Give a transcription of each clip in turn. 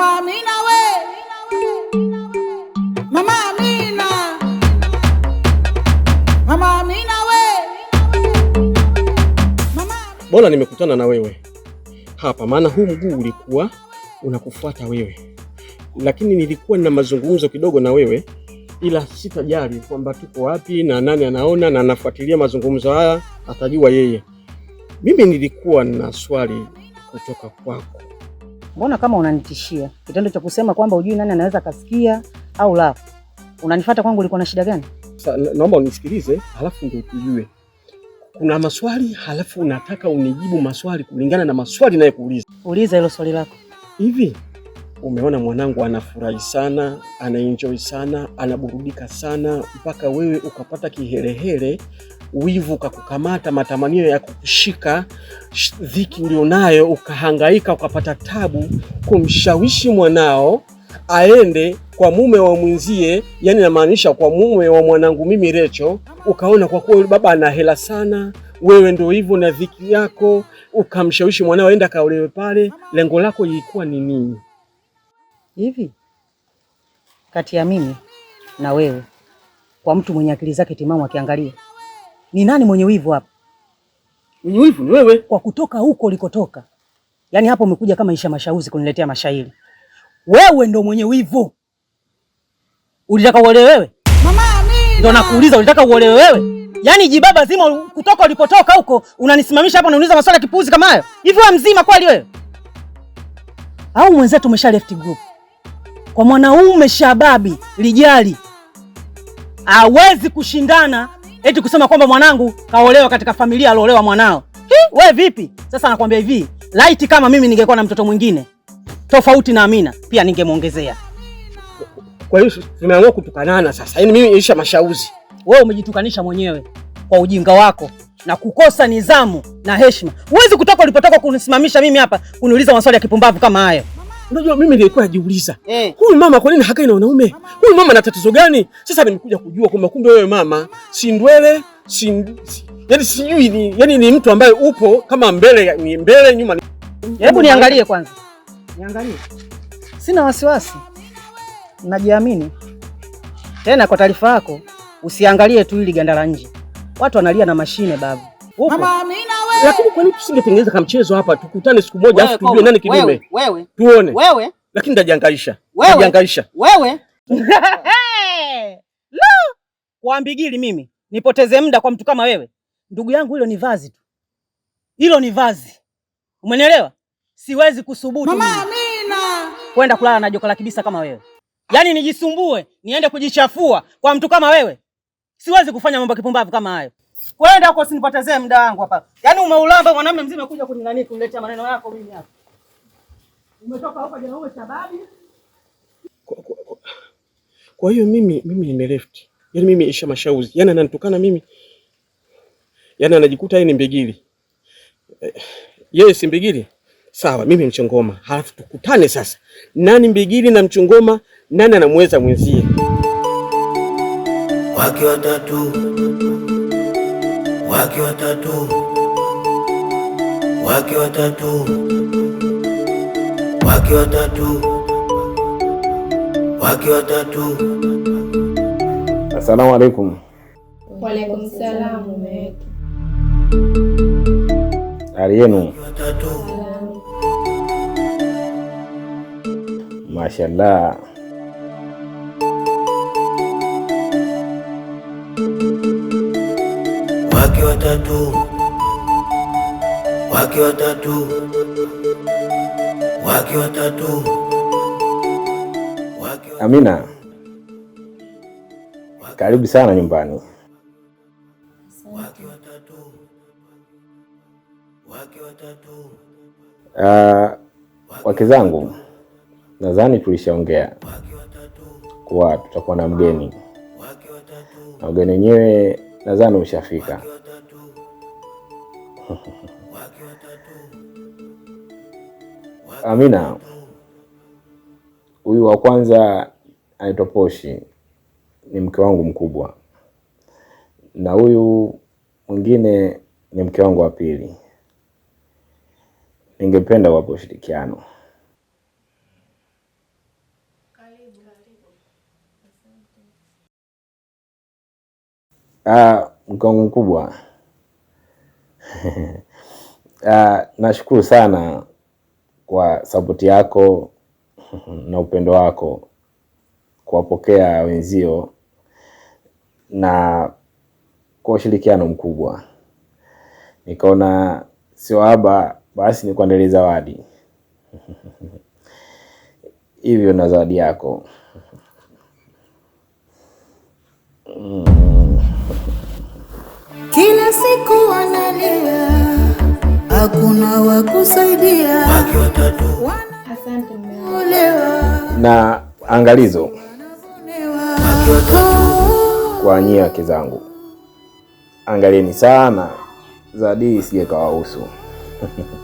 Mama Amina we, Mama Amina, Mama Amina we, bora nimekutana na wewe hapa, maana huu mguu ulikuwa unakufuata wewe, lakini nilikuwa nina mazungumzo kidogo na wewe, ila sitajali kwamba tuko wapi na nani anaona na anafuatilia mazungumzo haya, atajua yeye. Mimi nilikuwa na swali kutoka kwako mbona kama unanitishia kitendo cha kusema kwamba ujui nani anaweza kasikia au la? Unanifuata kwangu, ulikuwa na shida gani? Sasa naomba unisikilize, halafu ndio tujue. Kuna maswali halafu unataka unijibu maswali kulingana na maswali naye kuuliza. Uliza hilo swali lako. Hivi umeona mwanangu anafurahi sana, anaenjoy sana, anaburudika sana mpaka wewe ukapata kiherehere wivu ukakukamata, matamanio ya kukushika, dhiki ulionayo ukahangaika, ukapata tabu kumshawishi mwanao aende kwa mume wa mwenzie, yani namaanisha kwa mume wa mwanangu mimi Recho. Ukaona kwa kuwa baba ana hela sana, wewe ndio hivyo na dhiki yako, ukamshawishi mwanao aende akaolewe pale. Lengo lako lilikuwa ni nini? Hivi kati ya mimi na wewe, kwa mtu mwenye akili zake timamu akiangalia ni nani mwenye wivu hapa? Mwenye wivu ni wewe kwa kutoka huko ulikotoka. Yaani hapo umekuja kama isha mashauzi kuniletea mashairi. Wewe ndo mwenye wivu. Ulitaka uolewe wewe? Mama Amina. Ndio nakuuliza ulitaka uolewe wewe? Yaani jibaba zima kutoka ulipotoka huko unanisimamisha hapa unaniuliza maswali ya kipuzi kama hayo? Hivi wewe mzima kweli wewe? Au mwenzetu umesha left group? Kwa mwanaume shababi lijali hawezi kushindana eti kusema kwamba mwanangu kaolewa katika familia aliolewa mwanao. we vipi? Sasa nakwambia hivi, laiti kama mimi ningekuwa na mtoto mwingine tofauti na Amina, pia ningemwongezea. Kwa hiyo tumeamua kutukanana sasa. Yaani mimi nilisha mashauzi. Wewe umejitukanisha mwenyewe kwa ujinga wako na kukosa nidhamu na heshima. Huwezi kutoka ulipotoka kunisimamisha mimi hapa kuniuliza maswali ya kipumbavu kama hayo. Unajua mimi nilikuwa najiuliza. Eh. Huyu mama kwa nini hakai na wanaume? Huyu mama ana tatizo gani? Sasa nimekuja kujua kwamba kumbe wewe mama si ndwele, si yaani sijui ni yaani ni mtu ambaye upo kama mbele ni mbele nyuma. Hebu niangalie kwanza. Niangalie. Sina wasiwasi. Najiamini. Tena kwa taarifa yako, usiangalie tu hili ganda la nje. Watu wanalia na mashine babu. Upo. Mama Amina. Lakini kwa nini tusingetengeneza kama mchezo hapa, tukutane siku moja afu tujue nani kidume, wewe tuone wewe. Lakini ndajangaisha ndajangaisha wewe lo, kwa Mbigili mimi nipoteze muda kwa mtu kama wewe? Ndugu yangu, hilo ni vazi tu, hilo ni vazi, umenielewa? Siwezi kusubutu mama Amina kwenda kulala na joka la kibisa kama wewe, yaani nijisumbue niende kujichafua kwa mtu kama wewe. Siwezi kufanya mambo kipumbavu kama hayo kwenda huko uko usinipotezee muda wangu hapa. Yaani umeulamba mwanamume mzima kuja kuninani kuniletea maneno yako mimi hapa. Umetoka hapa jana uwe sababu. Kwa hiyo mimi mimi nimeleft. Yaani mimi isha mashauzi. Yaani ananitukana mimi. Yaani anajikuta yeye ni mbigili. Eh, yeye si mbigili? Sawa, mimi mchongoma. Halafu tukutane sasa. Nani mbigili na mchongoma? Nani anamweza mwenzie? Wake watatu wake watatu, wake watatu, wake watatu, wake watatu. Asalamu alaikum. Waalaikum salaam. Mume wetu, hali yenu? Mashallah. wake watatu, wake watatu, wake watatu. Amina, karibu sana nyumbani. watatu, Uh, wake zangu nadhani tulishaongea kuwa tutakuwa na mgeni na mgeni wenyewe nadhani ushafika. Amina, huyu wa kwanza anaitwa Poshi, ni mke wangu mkubwa, na huyu mwingine ni mke wangu wa pili. Ningependa wapo ushirikiano. Ah, mke wangu mkubwa Uh, nashukuru sana kwa sapoti yako na upendo wako kuwapokea wenzio na kwa ushirikiano mkubwa, nikaona sio haba, basi ni kuandalia zawadi hivyo, na zawadi yako mm siku wanalia, hakuna wa kusaidia. Na angalizo kwa nyie wake zangu, angalieni sana Zadi isije kawahusu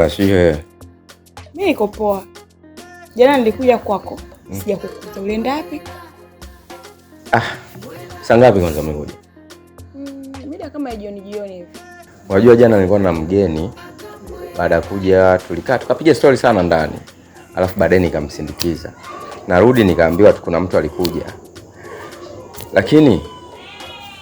Poa, sijui wewe? mi niko poa. Jana nilikuja kwako, mm. sija kukuta. Ulienda wapi? Ah, saa ngapi kwanza umekuja? Mm, mida kama ya jioni jioni hivi. Unajua jana nilikuwa na mgeni, baada ya kuja tulikaa tukapiga stori sana ndani, alafu baadaye nikamsindikiza, narudi nikaambiwa kuna mtu alikuja, lakini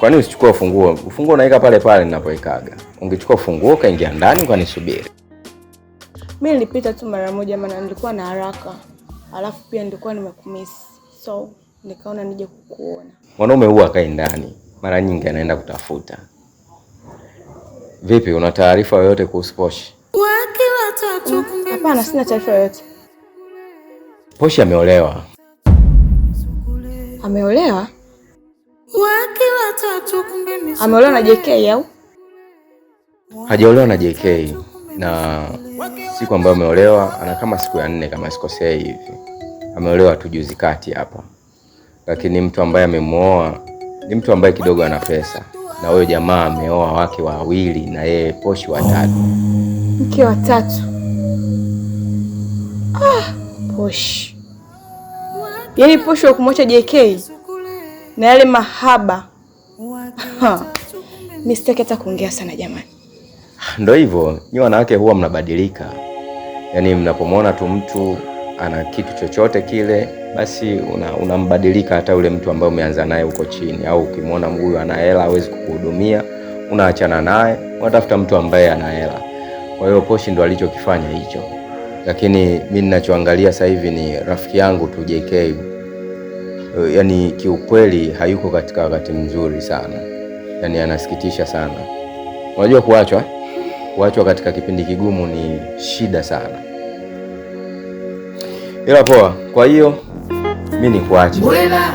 kwa nini usichukua ufunguo? Ufunguo unaweka pale pale ninapoikaga. Ungechukua ufunguo ukaingia ndani, kwa nisubiri. Mi nilipita tu mara moja, maana nilikuwa na haraka, alafu pia nilikuwa nimekumisi, so nikaona nije kukuona. Mwanaume huwa akae ndani, mara nyingi anaenda kutafuta. Vipi, una taarifa yoyote kuhusu Poshi? Mm, hapana, sina taarifa yoyote. Poshi ameolewa. Ameolewa? Ameolewa na JK au hajaolewa na JK? Na siku ambayo ameolewa, ana kama siku ya nne kama sikosea hivi, ameolewa tu juzi kati hapa. Lakini mtu ambaye amemwoa ni mtu ambaye kidogo ana pesa, na huyo jamaa ameoa wake wawili na yeye poshi watatu, mke watatu. Ah, poshi yani poshi wa kumwacha JK na yale mahaba. Mistake hata kuongea sana jamani. Ndo hivyo nyi wanawake huwa mnabadilika, yaani mnapomwona tu mtu ana kitu chochote kile, basi unambadilika una hata yule mtu ambaye umeanza naye huko chini, au ukimwona huyu ana hela hawezi kukuhudumia, unaachana naye, unatafuta mtu ambaye ana hela. Kwa hiyo Poshi ndo alichokifanya hicho, lakini mi ninachoangalia sasa hivi ni rafiki yangu tu JK, yaani kiukweli hayuko katika wakati mzuri sana, yaani anasikitisha sana. Unajua kuachwa kuachwa katika kipindi kigumu ni shida sana, ila poa. Kwa hiyo mi ni kuache,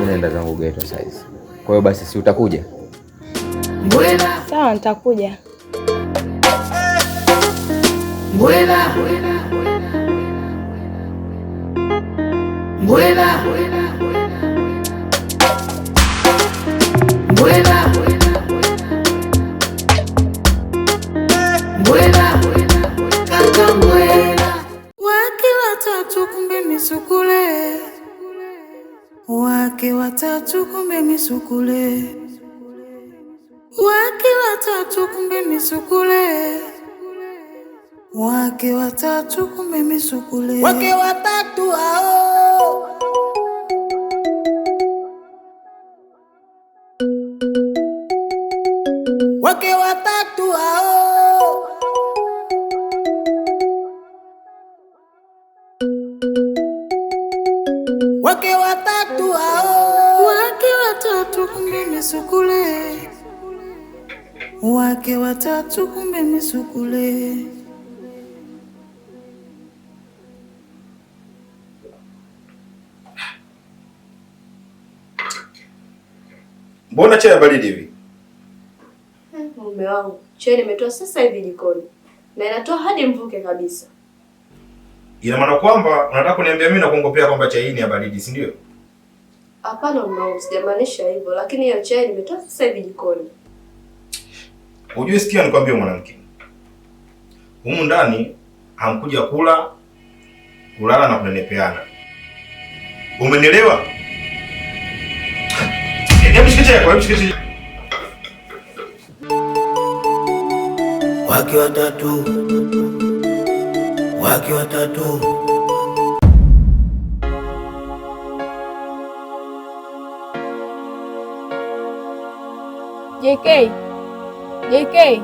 mi naenda zangu geto saizi. Kwa hiyo basi, si utakuja? Sawa, nitakuja. Bwela bwela bwela bwela wake watatu kumbe misukule, wake watatu kumbe misukule, wake watatu kumbe misukule, wake watatu hao wake watatu wake watatu hao, wake watatu kumbe misukule, wake watatu kumbe misukule. Mbona chai ya baridi hivi? Eh, mume wangu, chai nimetoa sasa hivi jikoni na inatoa hadi mvuke kabisa. Ina maana kwamba unataka kuniambia mimi na kuongopea kwamba chai ni ya baridi, si ndio? Hapana mnao, sijamaanisha hivyo, lakini hiyo chai nimetoa sasa hivi jikoni. Hujui, sikia nikwambie mwanamke. Humu ndani hamkuja kula, kulala na kunenepeana. Umenielewa? Eh, Wakiwa tatu wake watatu. JK, JK,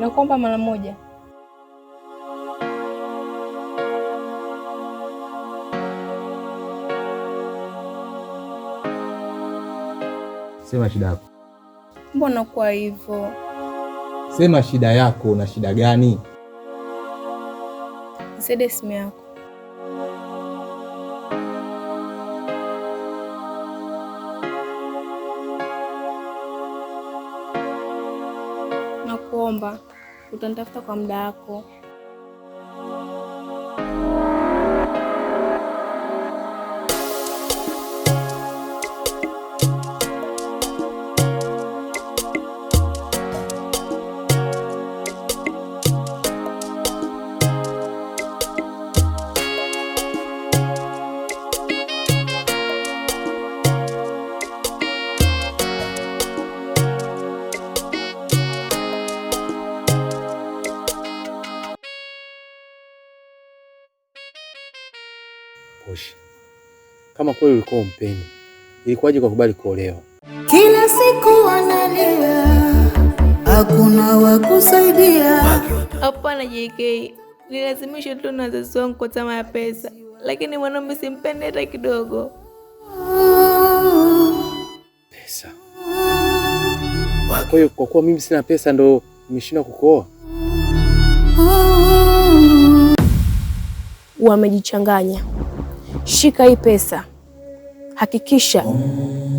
nakuomba mara moja sema shida yako. Mbona kwa hivyo? Sema shida yako, na shida gani? sede simu yako. Nakuomba utanitafuta kwa muda wako. kama kweli ulikuwa umpendi, ilikuwaje kwa kubali kuolewa? Kila siku wanalia, hakuna wa kusaidia. Hapana JK, nilazimishwa tu na wazazi wangu kwa tamaa ya pesa, lakini mwanaume simpendi hata kidogo. Pesa? Kwa hiyo kwa kuwa mimi sina pesa ndo nimeshindwa kukuoa? Wamejichanganya. Shika hii pesa hakikisha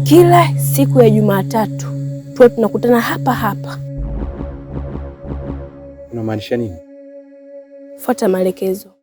kila siku ya Jumatatu tuwe tunakutana hapa hapa. Unamaanisha nini? Fuata maelekezo.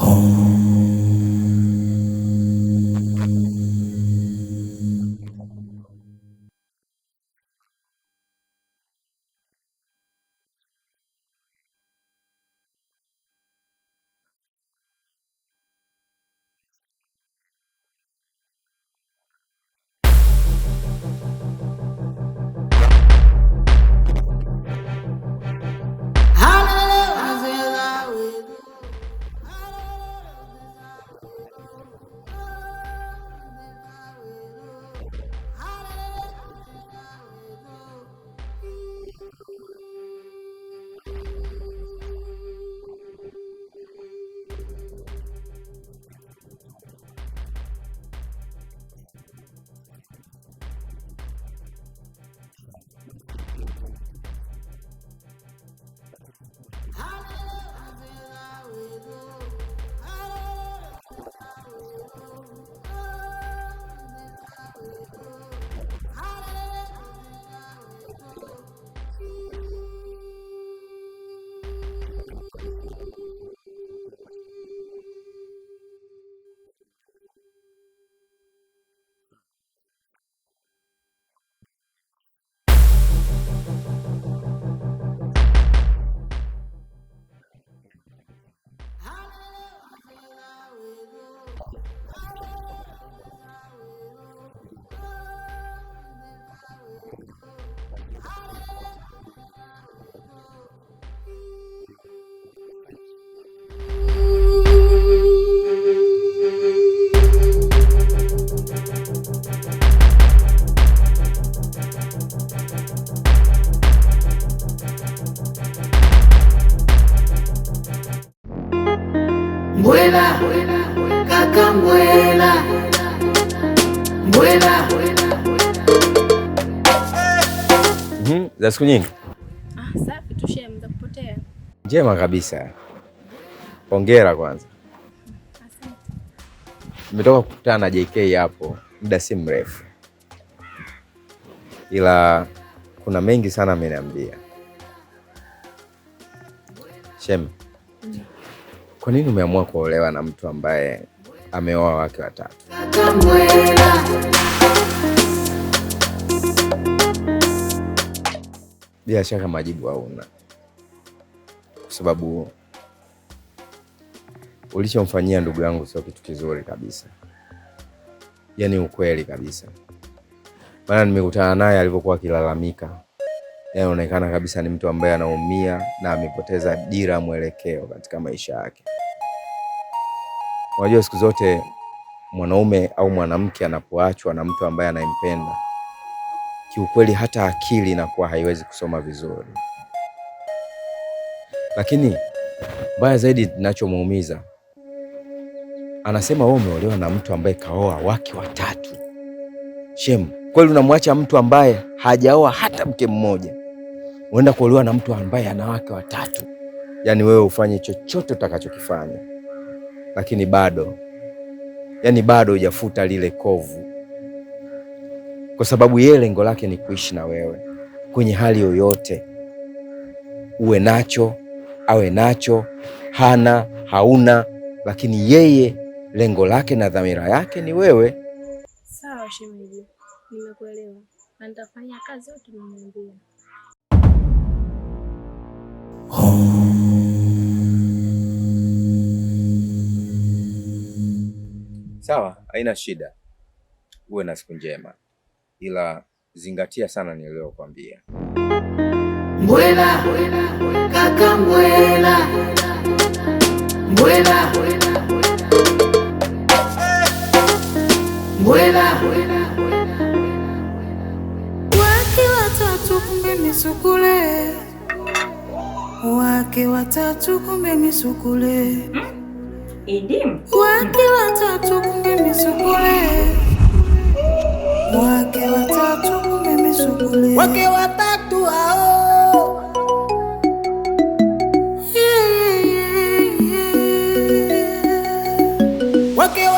Oh. siku nyingi? Ah, safi tu shehe, mda kupotea. Njema kabisa, hongera kwanza. Asante. Nimetoka kukutana na JK hapo muda si mrefu, ila kuna mengi sana ameniambia Shem. Mm. Kwa nini umeamua kuolewa na mtu ambaye ameoa wake watatu? bila shaka majibu hauna, kwa sababu ulichomfanyia ndugu yangu sio kitu kizuri kabisa, yaani ukweli kabisa. Maana nimekutana naye alivyokuwa akilalamika, anaonekana kabisa ni mtu ambaye anaumia na amepoteza dira, mwelekeo katika maisha yake. Unajua siku zote mwanaume au mwanamke anapoachwa na mtu ambaye anampenda kiukweli hata akili inakuwa haiwezi kusoma vizuri. Lakini mbaya zaidi ninachomuumiza anasema wewe umeolewa na mtu ambaye kaoa wake watatu. shem kweli, unamwacha mtu ambaye hajaoa hata mke mmoja, unaenda kuolewa na mtu ambaye ana wake watatu. Yaani wewe ufanye chochote utakachokifanya, lakini bado, yaani bado hujafuta lile kovu kwa sababu yeye lengo lake ni kuishi na wewe kwenye hali yoyote, uwe nacho awe nacho, hana hauna, lakini yeye lengo lake na dhamira yake ni wewe. Sawa shemeji, nimekuelewa na nitafanya kazi yote nimwambia. Sawa, haina shida. Uwe na siku njema ila zingatia sana niliyokwambia. Mbwela kaka, mbwela mbwela mbwela, wake watatu kumbe misukule, wake watatu kumbe misukule, hmm? Idim wake watatu kumbe misukule wake watatu mmemisugule wake watatu hao wake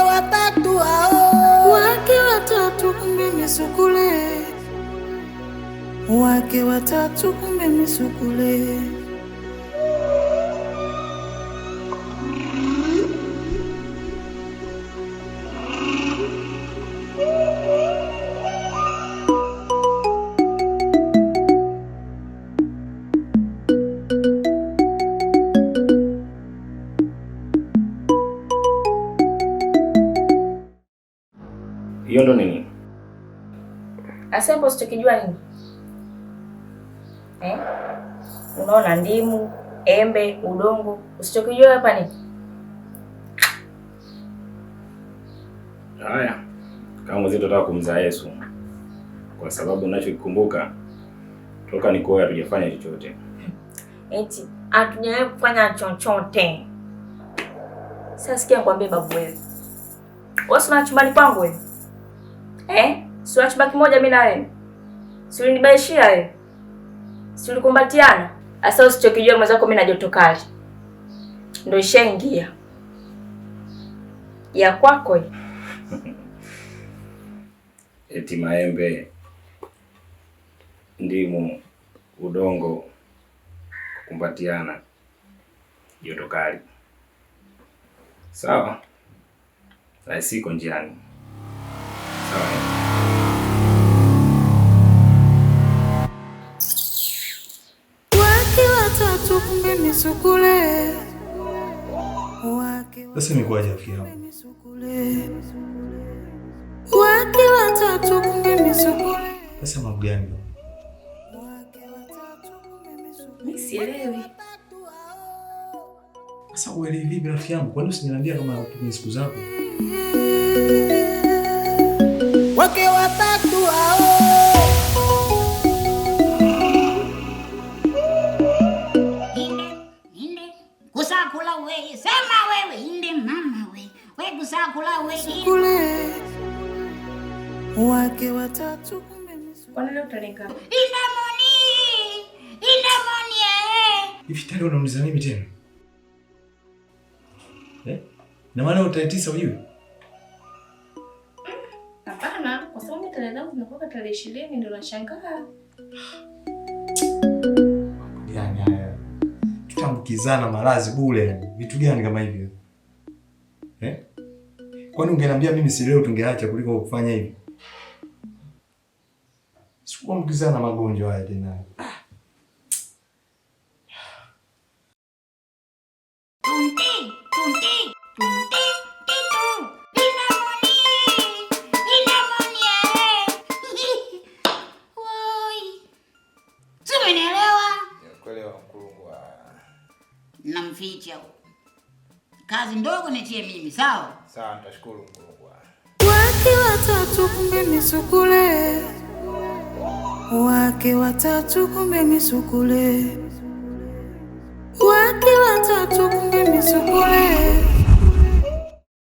watatu wake watatu kumbe misukule Hasa hapo usichokijua nini? Eh? Unaona ndimu, embe, udongo, usichokijua hapa nini? Haya. Kama zito tunataka kumzaa Yesu. Kwa sababu ninachokikumbuka toka nikuoa hatujafanya chochote. Eti hatujawahi kufanya chochote. Sasa sikia nikwambie babu wewe. Wewe una chumbani kwangu wewe? Eh? Si unachibaki moja mimi na wewe? Si ulinibaishia wewe? Si ulikumbatiana? Asa usichokijua mwenzako mimi na joto kali. Ndio ishaingia. Ya kwako hii. Eti maembe, ndimu, udongo, kukumbatiana, joto kali. Sawa. Sasa siko njiani. Sawa. Sasa imekuwaje afya yangu? Sasa mambo gani? Sielewi. Sasa uelewi vipi rafiki yangu? Kwani usiniambia kama utumia siku zako? wake watatu. Eh! Hivi tayari mimi tena eh? Na maana utaitisa ujue kwa tarehe ishirini. Ndio nashangaa yaani, maradhi bure. Vitu gani kama hivyo eh? Kwani ungeniambia mimi si leo tungeacha kuliko kufanya hivi? Kuambukizana magonjwa haya tena. kazi ndogo nitie mimi, sawa sawa. Nitashukuru Mungu. Wake watatu kumbe misukule wake watatu, kumbe misukule, wake watatu, kumbe misukule